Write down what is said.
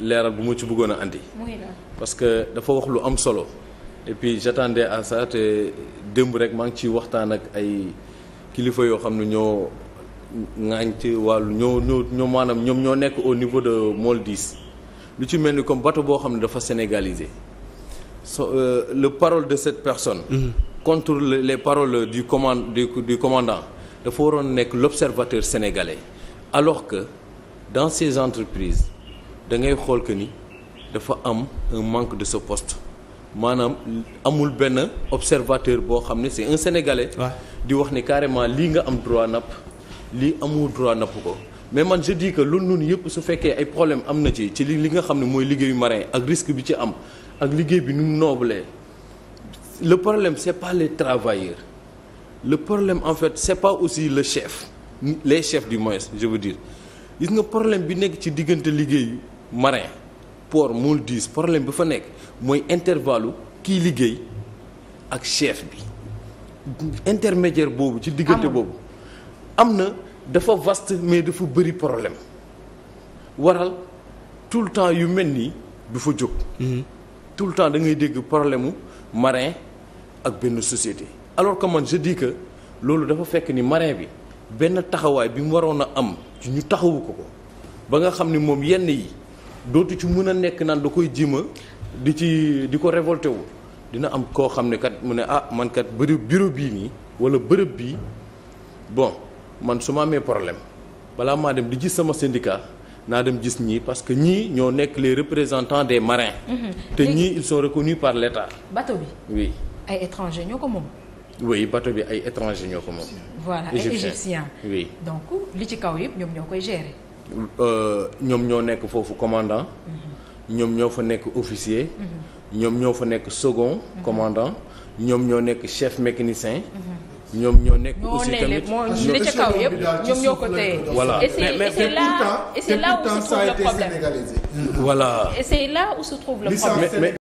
leeral bu mu ci bëggoon a andi. parce que dafa wax lu am solo. et puis j'attendais à ça te démb rek maa ngi ciy waxtaan ak ay kilifa yoo xam ne ñoo ŋaañ ci wàllu ñoo ñoo ñoo maanaam ñoom ñoo nekk au niveau de Moldis lu ci mel ni comme bateau boo xam ne dafa sénégalisé so euh, le parole de cette personne. Mm-hmm. contre les paroles du commande du commandant dafa waroon nekk l'observateur sénégalais alors que dans ces entreprises. da ngay xool que ni dafa am un manque de ce poste maanaam amul benn observateur boo xam ne c'est un sénégalais. di wax ni carrément lii nga am droit napp lii amul droit napp ko. mais man je dis que loolu noonu yëpp su fekkee ay problème am na ci ci li li nga xam ne mooy liggéeyu marin ak risque bi ci am ak liggéey bi nu mu noobalee le problème c'est pas les travailleurs le problème en fait c'est pas aussi le chef les chef du moins je veux dire gis nga problème bi nekk ci diggante liggéeyu. marin pour port Mouldies problème bi fa nekk mooy intervalle kiy liggéey ak chef bi intermédiaire boobu ci diggante boobu am na dafa vaste mais dafa bëri problème waral tout le temps yu mel nii du fa jóg mhm. tout le temps da ngay dégg problème mu marin ak benn société alors que man je dis que loolu dafa fekk ni marin bi benn taxawaay bi mu waroon a am ci ñu taxawu ko ko ba nga xam ni moom yenn yi dootu ci mën a nekk naan da koy jima di ci di ko révolté wu dina am koo xam ne kat mu ne ah man kat bërëb bureau bii nii wala bërëb bii bon man su ma amee problème balaa maa dem di gis sama syndicat naa dem gis ñii parce que ñii ñoo nekk les représentants des marins. Mhm. te ñii ils sont reconnus par l' état. bi oui. ay étrangers ñoo ko moom. oui bateau bi ay étrangers ñoo ko moom. voilà ay égyptiens oui donc li ci kaw yëpp ñoom ñoo koy gérer. ñoom ñoo nekk foofu commandant ñoom ñoo fa nekk officier ñoom ñoo fa nekk second commandant ñoom ñoo nekk chef mécanicien ñoom ñoo nekk aussi tamit ñi ne ca kaw yëpp ñoom ñoo ko téye voilà et là et se trouve le problème voilà et là où se trouve le problème